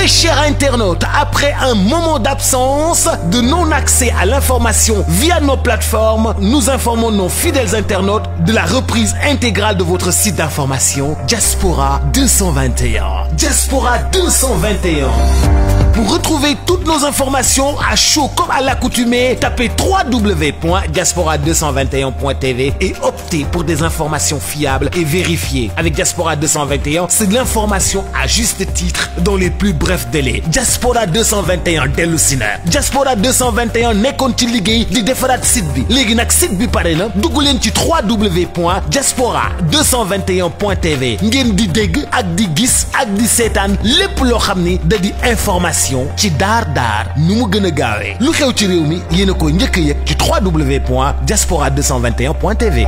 Très chers internautes, après un moment d'absence, de non-accès à l'information via nos plateformes, nous informons nos fidèles internautes de la reprise intégrale de votre site d'information Diaspora 221. Diaspora Pour retrouver toutes nos informations à chaud comme à l'accoutumée, tapez www.diaspora221.tv et optez pour des informations fiables et vérifiées. Avec Diaspora 221, c'est de l'information à juste titre dans les plus brefs délais. Diaspora 221 dellusi na Diaspora 221 nekkoon ci liggéey di defaraat site bi léegi nag site bi pare na dugg leen ci www.diaspora221.tv ngeen di dégg ak di gis ak di seetaan lépp loo xam ni da di information information ci daar daar nu mu gën a gaawee lu xew ci réew mi yéen a koy njëkk a yëg ci www.diaspora221.tv